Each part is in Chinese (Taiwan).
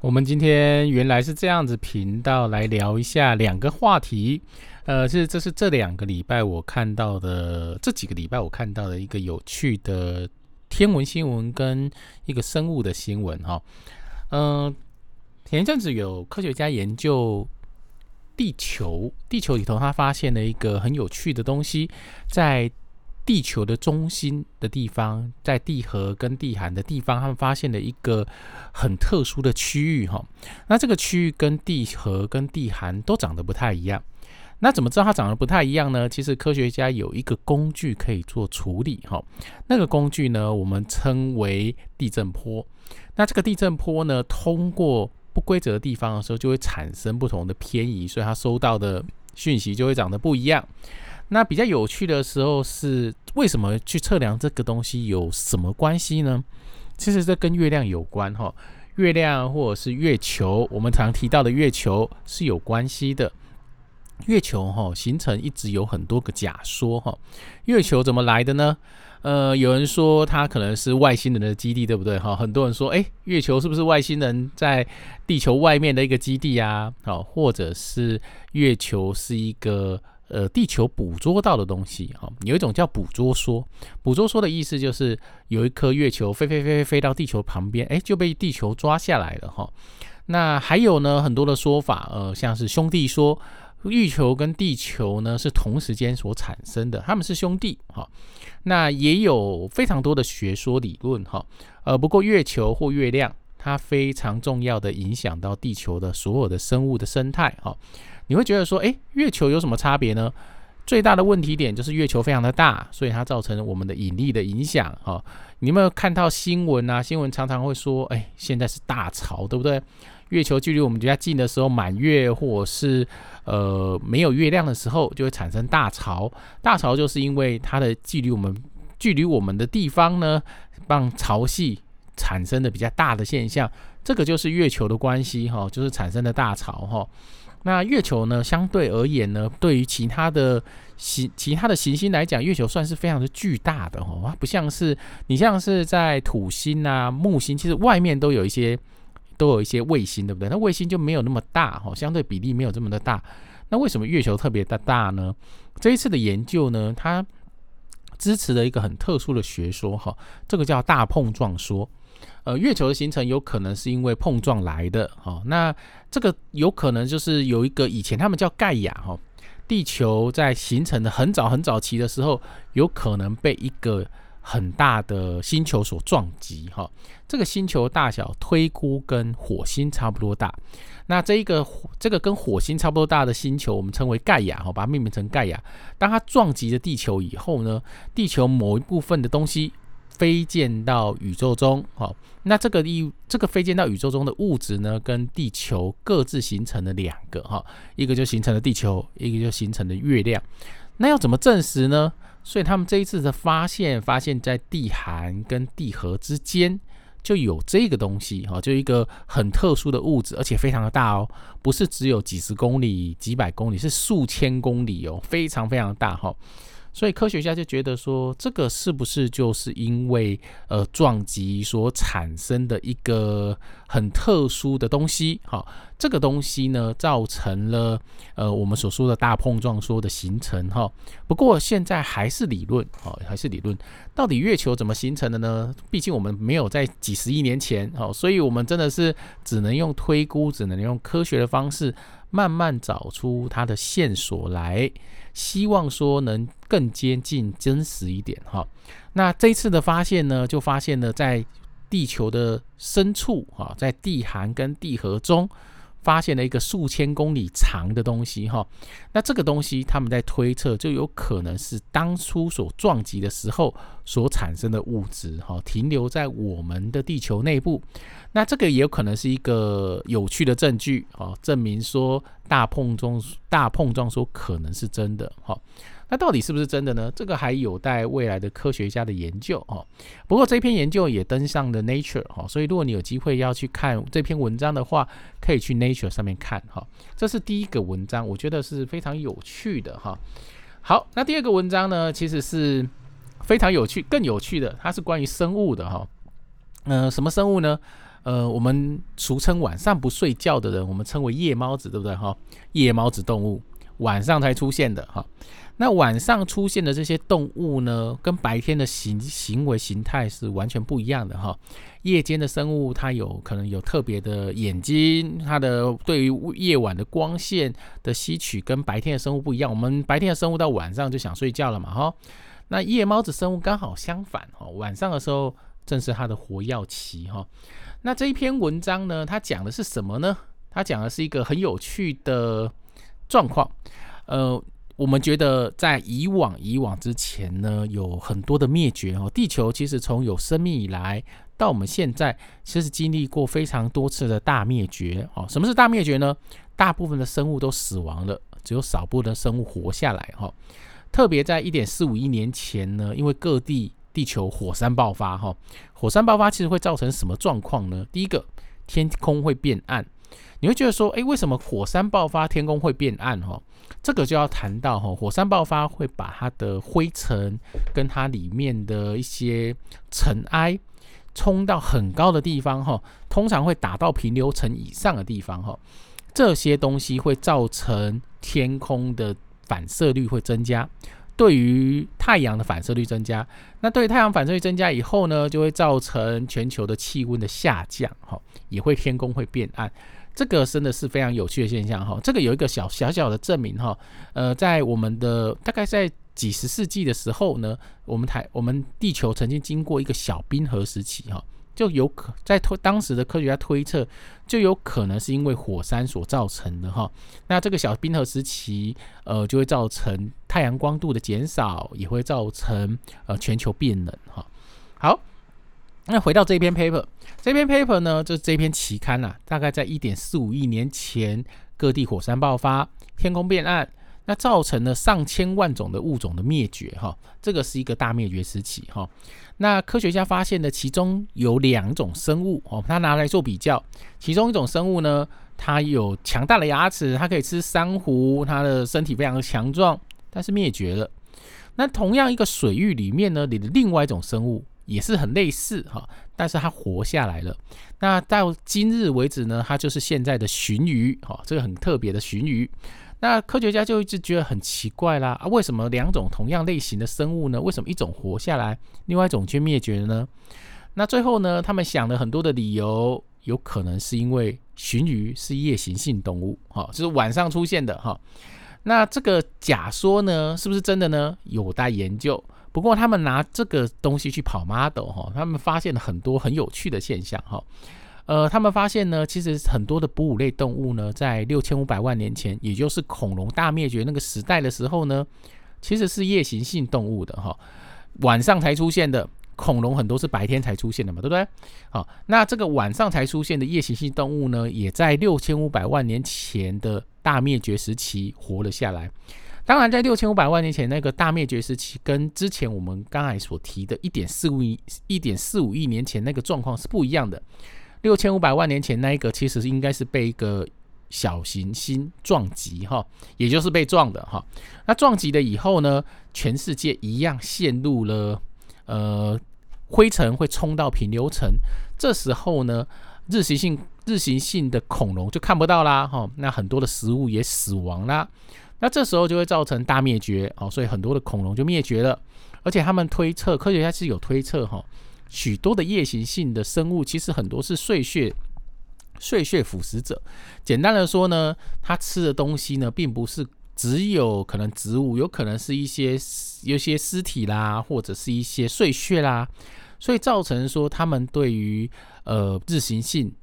我們今天原來是這樣子頻道來聊一下兩個話題，呃，是這是這兩個禮拜我看到的，這幾個禮拜我看到的一個有趣的天文新聞跟一個生物的新聞哈，嗯，前一陣子有科學家研究地球，地球裡頭他發現了一個很有趣的東西，在地球。地球的中心的地方，在地核跟地函的地方，他們發現了一個很特殊的區域哈。那這個區域跟地核跟地函都長得不太一樣。那怎麼知道它長得不太一樣呢？其實科學家有一個工具可以做處理哈。那個工具呢，我們稱為地震波。那這個地震波呢，通過不規則的地方的時候，就會產生不同的偏移，所以它收到的訊息就會長得不一樣。那比較有趣的時候是，為什麼去測量這個東西有什麼關係呢？其實這跟月亮有關哈、哦，月亮或者是月球，我們常提到的月球是有關係的。月球哈形成一直有很多個假說哈，月球怎麼來的呢？呃，有人說它可能是外星人的基地，對不對哈？很多人說，欸，月球是不是外星人在地球外面的一個基地啊？好，或者是月球是一個呃地球捕捉到的東西哈？有一種叫捕捉說，捕捉說的意思就是有一顆月球飛飛飛飛飛到地球旁邊，欸，就被地球抓下來了哈。那還有呢，很多的說法，呃，像是兄弟說。月球跟地球呢是同時間所產生的，他們是兄弟哈、哦。那也有非常多的學說理論哈、哦。呃，不過月球或月亮它非常重要的影響到地球的所有的生物的生態哈、哦。你會覺得說，誒，月球有什麼差別呢？最大的問題點就是月球非常的大，所以它造成我們的引力的影響哈、哦。你有沒有看到新聞啊？新聞常常會說，誒，現在是大潮，對不對？月球距離我們比較近的時候，滿月或者是呃沒有月亮的時候，就會產生大潮。大潮就是因為它的距離我們距離我們的地方呢，讓潮汐產生的比較大的現象。這個就是月球的關係哈，就是產生的大潮哈。那月球呢，相對而言呢，對於其他的行其他的行星來講，月球算是非常的巨大的哈，它不像是你像是在土星啊、木星，其實外面都有一些。都有一些衛星，對不對？那衛星就沒有那麼大，哈，相對比例沒有這麼的大。那為什麼月球特別的大呢？這一次的研究呢，它支持了一個很特殊的學說，哈，這個叫大碰撞說，呃，月球的形成有可能是因為碰撞來的，哈。那這個有可能就是有一個以前他們叫蓋亞，哈，地球在形成的很早很早期的時候，有可能被一個很大的星球所撞擊，哈，這個星球大小推估跟火星差不多大。那這一個這個跟火星差不多大的星球，我們稱為蓋亞，哈，把它命名成蓋亞。當它撞擊了地球以後呢，地球某一部分的東西飛濺到宇宙中，哈，那這個物這個飛濺到宇宙中的物質呢，跟地球各自形成了兩個，哈，一個就形成了地球，一個就形成了月亮。那要怎麼證實呢？所以他們這一次的發現，發現在地函跟地核之間就有這個東西哈，就一個很特殊的物質，而且非常的大哦，不是只有幾十公里、幾百公里，是數千公里哦，非常非常大，哈、哦。所以科學家就覺得說，這個是不是就是因為呃撞擊所產生的一個很特殊的東西？好、哦，這個東西呢，造成了呃我們所說的大碰撞說的形成。哈、哦，不過現在還是理論，好、哦，還是理論。到底月球怎麼形成的呢？畢竟我們沒有在幾十億年前，好、哦，所以我們真的是只能用推估，只能用科學的方式。慢慢找出它的線索來，希望說能更接近真實一點哈。那這次的發現呢，就發現了在地球的深處啊，在地函跟地核中。發現了一個數千公里長的東西，哈，那這個東西他們在推測，就有可能是當初所撞擊的時候所產生的物質，哈，停留在我們的地球內部，那這個也有可能是一個有趣的證據，哦，證明說大碰撞，大碰撞說可能是真的，哈。那到底是不是真的呢？這個還有待未來的科學家的研究哈、哦，不過這篇研究也登上了 Nature 哈、哦，所以如果你有機會要去看這篇文章的話，可以去 Nature 上面看哈、哦。這是第一個文章，我覺得是非常有趣的哈、哦。好，那第二個文章呢，其實是非常有趣，更有趣的，它是關於生物的哈。嗯、哦呃，什麼生物呢？呃，我們俗稱晚上不睡覺的人，我們稱為夜貓子，對不對哈、哦？夜貓子動物，晚上才出現的哈。哦那晚上出現的這些動物呢，跟白天的行行為形態是完全不一樣的哈。夜間的生物它有可能有特別的眼睛，它的對於夜晚的光線的吸取跟白天的生物不一樣。我們白天的生物到晚上就想睡覺了嘛哈。那夜貓子生物剛好相反哈，晚上的時候正是它的活躍期哈。那這一篇文章呢，它講的是什麼呢？它講的是一個很有趣的狀況，呃。我們覺得，在以往以往之前呢，有很多的滅絕哈，地球其實從有生命以來，到我們現在，其實經歷過非常多次的大滅絕哈，什麼是大滅絕呢？大部分的生物都死亡了，只有少部分的生物活下來哈，特別在1.45億年前呢，因為各地地球火山爆發哈，火山爆發其實會造成什麼狀況呢？第一個，天空會變暗。你會覺得說，誒，為什麼火山爆發天空會變暗？哈、哦，這個就要談到哈，火山爆發會把它的灰塵跟它裡面的一些塵埃衝到很高的地方哈，通常會打到平流層以上的地方哈，這些東西會造成天空的反射率會增加，對於太陽的反射率增加，那對於太陽反射率增加以後呢，就會造成全球的氣溫的下降哈，也會天空會變暗。這個真的是非常有趣的現象哈，這個有一個小小小的證明哈，呃，在我們的大概在幾十世紀的時候呢，我們台，我們地球曾經經過一個小冰河時期哈，就有可在推當時的科學家推測，就有可能是因為火山所造成的哈，那這個小冰河時期呃就會造成太陽光度的減少，也會造成呃全球變冷哈，好。那回到這篇 paper，這篇 paper 呢，就是這篇期刊吶、啊，大概在一點四五億年前，各地火山爆發，天空變暗，那造成了上千萬種的物種的滅絕，哈、哦，這個是一個大滅絕時期，哈、哦。那科學家發現呢，其中有兩種生物哦，他拿來做比較，其中一種生物呢，它有強大的牙齒，它可以吃珊瑚，它的身體非常的強壯，但是滅絕了。那同樣一個水域裡面呢，你的另外一種生物。也是很類似哈，但是它活下來了。那到今日為止呢，它就是現在的鱘魚哈，這個很特別的鱘魚。那科學家就一直覺得很奇怪啦，啊，為什麼兩種同樣類型的生物呢？為什麼一種活下來，另外一種卻滅絕了呢？那最後呢，他們想了很多的理由，有可能是因為鱘魚是夜行性動物哈，就是晚上出現的哈。那這個假說呢，是不是真的呢？有待研究。不過他們拿這個東西去跑 model 哈，哦，他們發現了很多很有趣的現象哈，哦。呃，他們發現呢，其實很多的哺乳類動物呢，在六千五百萬年前，也就是恐龍大滅絕那個時代的時候呢，其實是夜行性動物的哈，哦，晚上才出現的。恐龍很多是白天才出現的嘛，對不對？好，哦，那這個晚上才出現的夜行性動物呢，也在六千五百萬年前的大滅絕時期活了下來。當然，在六千五百萬年前那個大滅絕時期，跟之前我們剛才所提的一點四五億、一點四五億年前那個狀況是不一樣的。六千五百萬年前那一個，其實應該是被一個小行星撞擊，哈，也就是被撞的，哈。那撞擊了以後呢，全世界一樣陷入了，呃，灰塵會衝到平流層，這時候呢，日行性、日行性的恐龍就看不到啦，哈。那很多的食物也死亡啦。那這時候就會造成大滅絕哦，所以很多的恐龍就滅絕了。而且他們推測，科學家是有推測哈，許多的夜行性的生物其實很多是碎屑、碎屑腐食者。簡單的說呢，它吃的東西呢，並不是只有可能植物，有可能是一些，有一些屍體啦，或者是一些碎屑啦，所以造成說他們對於呃，日行性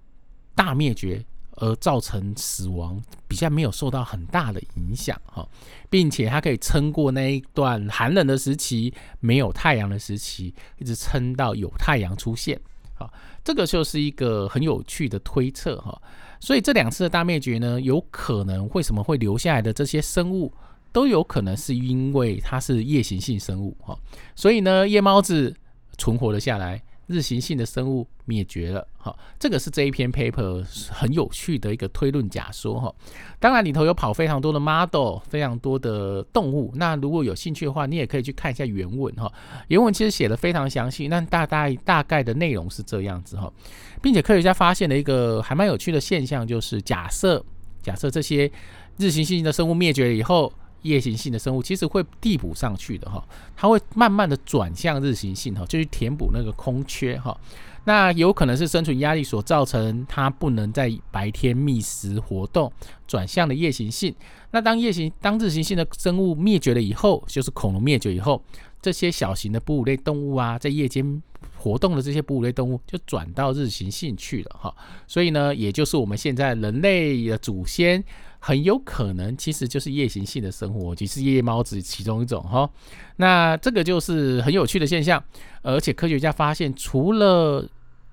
大滅絕，而造成死亡比較沒有受到很大的影響哈，並且它可以撐過那一段寒冷的時期，沒有太陽的時期，一直撐到有太陽出現啊、哦，這個就是一個很有趣的推測哈。所以這兩次的大滅絕呢，有可能為什麼會留下來的這些生物，都有可能是因為它是夜行性生物哈、哦，所以呢夜貓子存活了下來。日行性的生物滅絕了，哈、哦，這個是這一篇 paper 很有趣的一個推論假說，哈、哦，當然裡頭有跑非常多的 model，非常多的動物，那如果有興趣的話，你也可以去看一下原文，哈、哦，原文其實寫的非常詳細，那大概大概的內容是這樣子，哈、哦，並且科學家發現了一個還蠻有趣的現象，就是假設假設這些日行性的生物滅絕了以後。夜行性的生物其實會遞補上去的哈，它會慢慢的轉向日行性哈，就去填補那個空缺哈。那有可能是生存壓力所造成，它不能在白天覓食活動，轉向了夜行性。那當夜行當日行性的生物滅絕了以後，就是恐龍滅絕以後，這些小型的哺乳類動物啊，在夜間活動的這些哺乳類動物就轉到日行性去了哈。所以呢，也就是我們現在人類的祖先。很有可能其實就是夜行性的生活，只是夜貓子其中一種哈、哦。那這個就是很有趣的現象，而且科學家發現，除了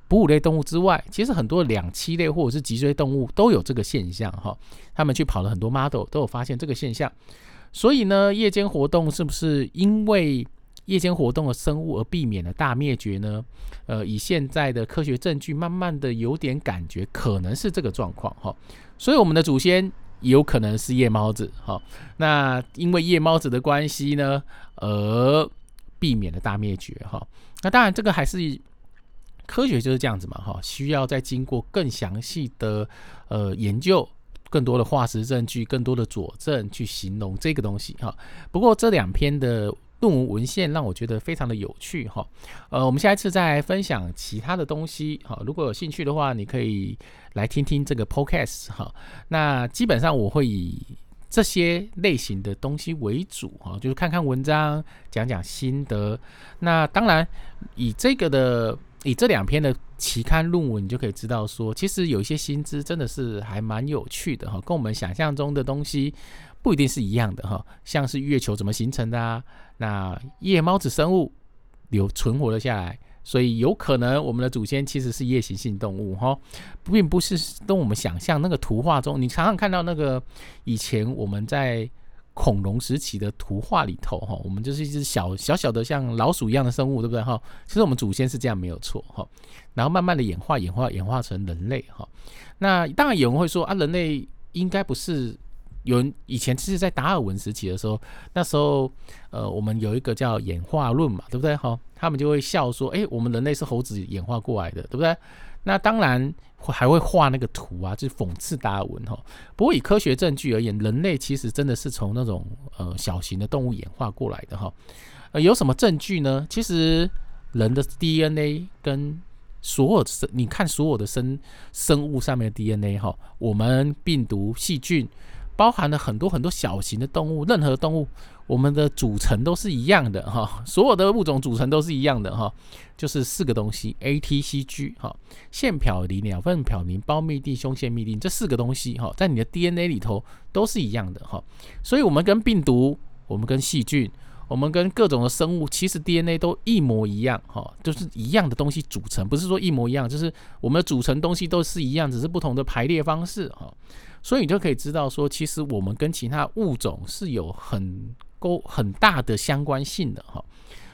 哺乳類動物之外，其實很多兩棲類或者是脊椎動物都有這個現象哈、哦。他們去跑了很多 model，都有發現這個現象。所以呢，夜間活動是不是因為夜間活動的生物而避免了大滅絕呢？呃，以現在的科學證據，慢慢的有點感覺可能是這個狀況哈、哦。所以我們的祖先。有可能是夜貓子哈，那因為夜貓子的關係呢，而避免了大滅絕哈。那當然這個還是科學就是這樣子嘛哈，需要再經過更詳細的呃研究，更多的化石證據，更多的佐證去形容這個東西哈。不過這兩篇的。論文文獻讓我覺得非常的有趣哈，呃，我們下一次再分享其他的東西哈。如果有興趣的話，你可以來聽聽這個 podcast 哈。那基本上我會以這些類型的東西為主哈，就是看看文章，講講心得。那當然以這個的，以這兩篇的期刊論文，你就可以知道說，其實有一些新知真的是還蠻有趣的哈，跟我們想象中的東西不一定是一樣的哈，像是月球怎麼形成的啊。那夜貓子生物有存活了下來，所以有可能我們的祖先其實是夜行性動物哈，並不是跟我們想象那個圖畫中，你常常看到那個以前我們在恐龍時期的圖畫裡頭哈，我們就是一隻小小小的像老鼠一樣的生物，對不對哈？其實我們祖先是這樣沒有錯哈，然後慢慢的演化演化演化成人類哈。那當然有人會說啊，人類應該不是。有人以前其實在達爾文時期的時候，那時候呃，我們有一個叫演化論嘛，對不對？哈，他們就會笑說，誒、欸，我們人類是猴子演化過來的，對不對？那當然會還會畫那個圖啊，就諷刺達爾文哈。不過以科學證據而言，人類其實真的是從那種呃小型的動物演化過來的哈。呃，有什麼證據呢？其實人的 DNA 跟所有生你看所有的生生物上面的 DNA 哈，我們病毒細菌。包含了很多很多小型的動物，任何動物，我們的組成都是一樣的哈，所有的物種組成都是一樣的哈，就是四個東西 A、T、C、G 哈，腺嘌呤、鳥糞嘌呤、胞嘧啶、胸腺嘧啶這四個東西哈，在你的 DNA 裡頭都是一樣的哈，所以我們跟病毒，我們跟細菌，我們跟各種的生物，其實 DNA 都一模一樣哈，就是一樣的東西組成，不是說一模一樣，就是我們的組成東西都是一樣，只是不同的排列方式哈。所以你就可以知道說，其實我們跟其他物種是有很勾很大的相關性的哈。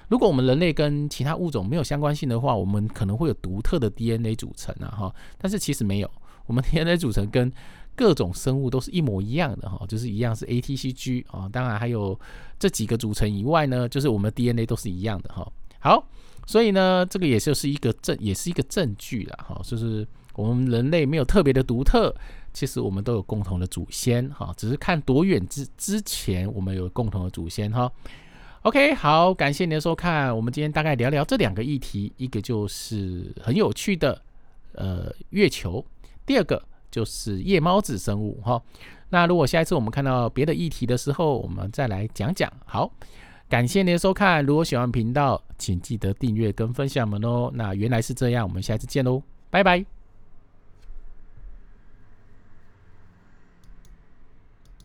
如果我們人類跟其他物種沒有相關性的話，我們可能會有獨特的 DNA 組成啊哈。但是其實沒有，我們 DNA 組成跟各種生物都是一模一樣的哈，就是一樣是 ATCG 啊。當然還有這幾個組成以外呢，就是我們 DNA 都是一樣的哈。好，所以呢，這個也就是一個證，也是一個證據了哈，就是我們人類沒有特別的獨特。其實我們都有共同的祖先，哈，只是看多遠之之前我們有共同的祖先，哈。OK，好，感謝您的收看。我們今天大概聊聊這兩個議題，一個就是很有趣的，呃，月球；第二個就是夜貓子生物，哈。那如果下一次我們看到別的議題的時候，我們再來講講。好，感謝您的收看。如果喜歡頻道，請記得訂閱跟分享們哦。那原來是這樣，我們下次見嘍，拜拜。